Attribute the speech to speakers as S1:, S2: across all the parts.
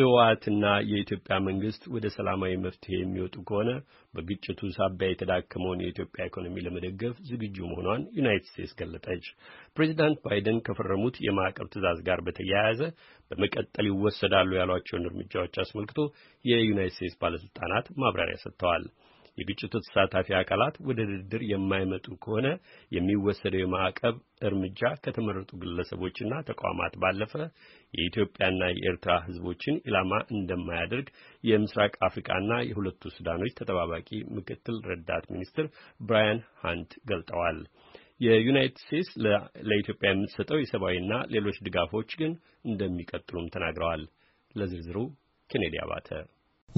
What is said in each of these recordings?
S1: ህወሓትና የኢትዮጵያ መንግስት ወደ ሰላማዊ መፍትሄ የሚወጡ ከሆነ በግጭቱ ሳቢያ የተዳከመውን የኢትዮጵያ ኢኮኖሚ ለመደገፍ ዝግጁ መሆኗን ዩናይትድ ስቴትስ ገለጠች። ፕሬዚዳንት ባይደን ከፈረሙት የማዕቀብ ትዕዛዝ ጋር በተያያዘ በመቀጠል ይወሰዳሉ ያሏቸውን እርምጃዎች አስመልክቶ የዩናይትድ ስቴትስ ባለስልጣናት ማብራሪያ ሰጥተዋል። የግጭቱ ተሳታፊ አካላት ወደ ድርድር የማይመጡ ከሆነ የሚወሰደው የማዕቀብ እርምጃ ከተመረጡ ግለሰቦችና ተቋማት ባለፈ የኢትዮጵያና የኤርትራ ሕዝቦችን ኢላማ እንደማያደርግ የምስራቅ አፍሪካና የሁለቱ ሱዳኖች ተጠባባቂ ምክትል ረዳት ሚኒስትር ብራያን ሃንት ገልጠዋል። የዩናይትድ ስቴትስ ለኢትዮጵያ የምትሰጠው የሰብአዊና ሌሎች ድጋፎች ግን እንደሚቀጥሉም ተናግረዋል። ለዝርዝሩ ኬኔዲ አባተ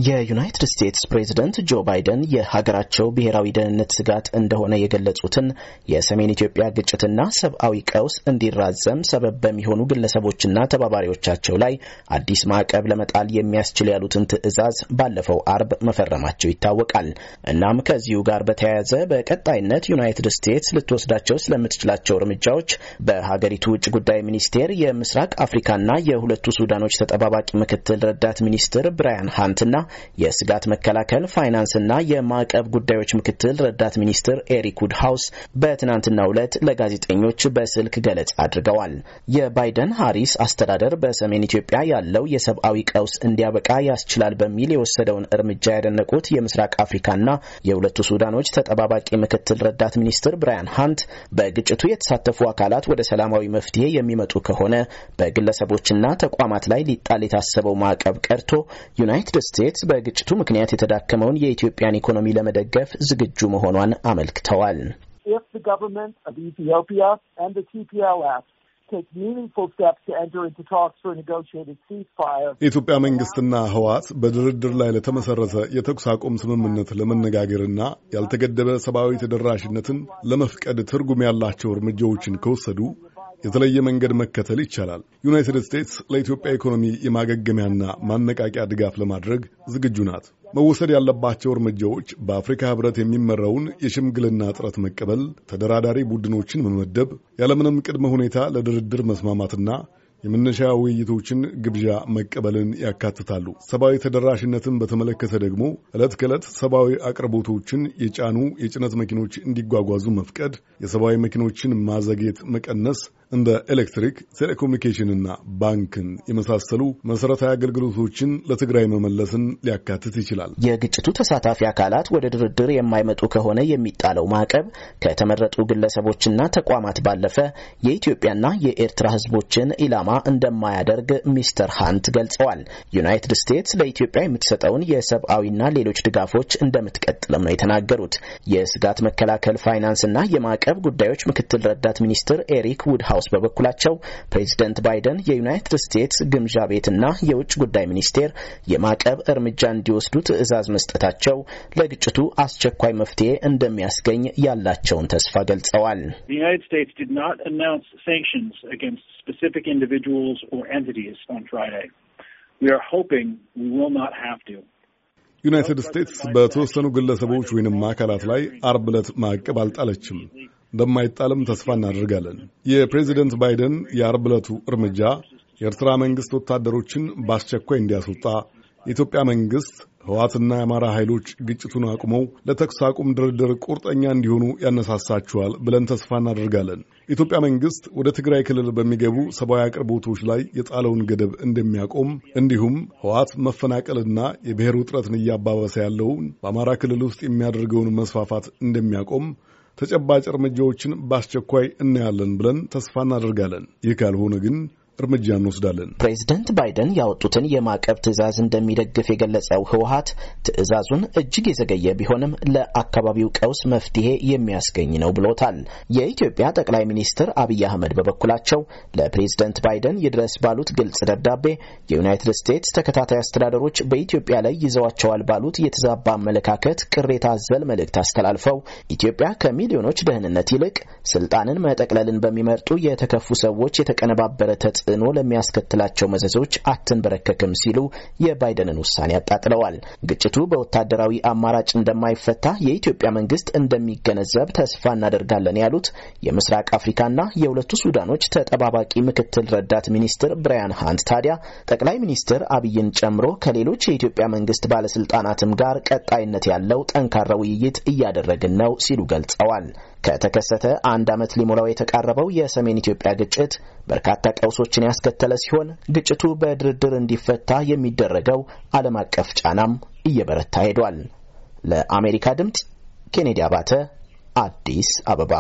S2: የዩናይትድ ስቴትስ ፕሬዝደንት ጆ ባይደን የሀገራቸው ብሔራዊ ደህንነት ስጋት እንደሆነ የገለጹትን የሰሜን ኢትዮጵያ ግጭትና ሰብአዊ ቀውስ እንዲራዘም ሰበብ በሚሆኑ ግለሰቦችና ተባባሪዎቻቸው ላይ አዲስ ማዕቀብ ለመጣል የሚያስችል ያሉትን ትዕዛዝ ባለፈው አርብ መፈረማቸው ይታወቃል። እናም ከዚሁ ጋር በተያያዘ በቀጣይነት ዩናይትድ ስቴትስ ልትወስዳቸው ስለምትችላቸው እርምጃዎች በሀገሪቱ ውጭ ጉዳይ ሚኒስቴር የምስራቅ አፍሪካና የሁለቱ ሱዳኖች ተጠባባቂ ምክትል ረዳት ሚኒስትር ብራያን ሀንትና የስጋት መከላከል ፋይናንስና የማዕቀብ ጉዳዮች ምክትል ረዳት ሚኒስትር ኤሪክ ውድሃውስ በትናንትናው ዕለት ለጋዜጠኞች በስልክ ገለጻ አድርገዋል። የባይደን ሀሪስ አስተዳደር በሰሜን ኢትዮጵያ ያለው የሰብአዊ ቀውስ እንዲያበቃ ያስችላል በሚል የወሰደውን እርምጃ ያደነቁት የምስራቅ አፍሪካና የሁለቱ ሱዳኖች ተጠባባቂ ምክትል ረዳት ሚኒስትር ብራያን ሀንት በግጭቱ የተሳተፉ አካላት ወደ ሰላማዊ መፍትሄ የሚመጡ ከሆነ በግለሰቦችና ተቋማት ላይ ሊጣል የታሰበው ማዕቀብ ቀርቶ ዩናይትድ ስቴትስ ስቴትስ በግጭቱ ምክንያት የተዳከመውን የኢትዮጵያን ኢኮኖሚ ለመደገፍ ዝግጁ መሆኗን አመልክተዋል።
S3: የኢትዮጵያ መንግስትና ህወሓት በድርድር ላይ ለተመሰረተ የተኩስ አቁም ስምምነት ለመነጋገርና ያልተገደበ ሰብአዊ ተደራሽነትን ለመፍቀድ ትርጉም ያላቸው እርምጃዎችን ከወሰዱ የተለየ መንገድ መከተል ይቻላል። ዩናይትድ ስቴትስ ለኢትዮጵያ ኢኮኖሚ የማገገሚያና ማነቃቂያ ድጋፍ ለማድረግ ዝግጁ ናት። መወሰድ ያለባቸው እርምጃዎች በአፍሪካ ህብረት የሚመራውን የሽምግልና ጥረት መቀበል፣ ተደራዳሪ ቡድኖችን መመደብ፣ ያለምንም ቅድመ ሁኔታ ለድርድር መስማማትና የመነሻ ውይይቶችን ግብዣ መቀበልን ያካትታሉ። ሰብአዊ ተደራሽነትን በተመለከተ ደግሞ ዕለት ከዕለት ሰብአዊ አቅርቦቶችን የጫኑ የጭነት መኪኖች እንዲጓጓዙ መፍቀድ፣ የሰብአዊ መኪኖችን ማዘግየት መቀነስ እንደ ኤሌክትሪክ፣ ቴሌኮሙኒኬሽንና ባንክን የመሳሰሉ መሠረታዊ አገልግሎቶችን ለትግራይ መመለስን ሊያካትት ይችላል። የግጭቱ ተሳታፊ አካላት ወደ
S2: ድርድር የማይመጡ ከሆነ የሚጣለው ማዕቀብ ከተመረጡ ግለሰቦችና ተቋማት ባለፈ የኢትዮጵያና የኤርትራ ሕዝቦችን ኢላማ እንደማያደርግ ሚስተር ሃንት ገልጸዋል። ዩናይትድ ስቴትስ ለኢትዮጵያ የምትሰጠውን የሰብአዊና ሌሎች ድጋፎች እንደምትቀጥልም ነው የተናገሩት። የስጋት መከላከል ፋይናንስና የማዕቀብ ጉዳዮች ምክትል ረዳት ሚኒስትር ኤሪክ ውድሃ ሀውስ በበኩላቸው ፕሬዚደንት ባይደን የዩናይትድ ስቴትስ ግምዣ ቤትና የውጭ ጉዳይ ሚኒስቴር የማዕቀብ እርምጃ እንዲወስዱ ትዕዛዝ መስጠታቸው ለግጭቱ አስቸኳይ መፍትሄ እንደሚያስገኝ ያላቸውን ተስፋ ገልጸዋል።
S3: ዩናይትድ ስቴትስ በተወሰኑ ግለሰቦች ወይንም አካላት ላይ አርብ ዕለት ማዕቀብ አልጣለችም። እንደማይጣልም ተስፋ እናደርጋለን። የፕሬዚደንት ባይደን የአርብ ዕለቱ እርምጃ የኤርትራ መንግሥት ወታደሮችን በአስቸኳይ እንዲያስወጣ፣ የኢትዮጵያ መንግሥት ህዋትና የአማራ ኃይሎች ግጭቱን አቁመው ለተኩስ አቁም ድርድር ቁርጠኛ እንዲሆኑ ያነሳሳቸዋል ብለን ተስፋ እናደርጋለን። ኢትዮጵያ መንግሥት ወደ ትግራይ ክልል በሚገቡ ሰብአዊ አቅርቦቶች ላይ የጣለውን ገደብ እንደሚያቆም እንዲሁም ህዋት መፈናቀልና የብሔር ውጥረትን እያባበሰ ያለውን በአማራ ክልል ውስጥ የሚያደርገውን መስፋፋት እንደሚያቆም ተጨባጭ እርምጃዎችን በአስቸኳይ እናያለን ብለን ተስፋ እናደርጋለን። ይህ ካልሆነ ግን እርምጃ እንወስዳለን። ፕሬዚደንት ባይደን
S2: ያወጡትን የማዕቀብ ትዕዛዝ እንደሚደግፍ የገለጸው ህወሀት ትዕዛዙን እጅግ የዘገየ ቢሆንም ለአካባቢው ቀውስ መፍትሄ የሚያስገኝ ነው ብሎታል። የኢትዮጵያ ጠቅላይ ሚኒስትር አብይ አህመድ በበኩላቸው ለፕሬዚደንት ባይደን ይድረስ ባሉት ግልጽ ደብዳቤ የዩናይትድ ስቴትስ ተከታታይ አስተዳደሮች በኢትዮጵያ ላይ ይዘዋቸዋል ባሉት የተዛባ አመለካከት ቅሬታ አዘል መልእክት አስተላልፈው ኢትዮጵያ ከሚሊዮኖች ደህንነት ይልቅ ስልጣንን መጠቅለልን በሚመርጡ የተከፉ ሰዎች የተቀነባበረ ተጽ ተጽዕኖ ለሚያስከትላቸው መዘዞች አትንበረከክም ሲሉ የባይደንን ውሳኔ አጣጥለዋል። ግጭቱ በወታደራዊ አማራጭ እንደማይፈታ የኢትዮጵያ መንግስት እንደሚገነዘብ ተስፋ እናደርጋለን ያሉት የምስራቅ አፍሪካና የሁለቱ ሱዳኖች ተጠባባቂ ምክትል ረዳት ሚኒስትር ብራያን ሃንት ታዲያ ጠቅላይ ሚኒስትር አብይን ጨምሮ ከሌሎች የኢትዮጵያ መንግስት ባለስልጣናትም ጋር ቀጣይነት ያለው ጠንካራ ውይይት እያደረግን ነው ሲሉ ገልጸዋል። ከተከሰተ አንድ ዓመት ሊሞላው የተቃረበው የሰሜን ኢትዮጵያ ግጭት በርካታ ቀውሶችን ያስከተለ ሲሆን ግጭቱ በድርድር እንዲፈታ የሚደረገው ዓለም አቀፍ ጫናም እየበረታ ሄዷል። ለአሜሪካ ድምፅ ኬኔዲ አባተ አዲስ አበባ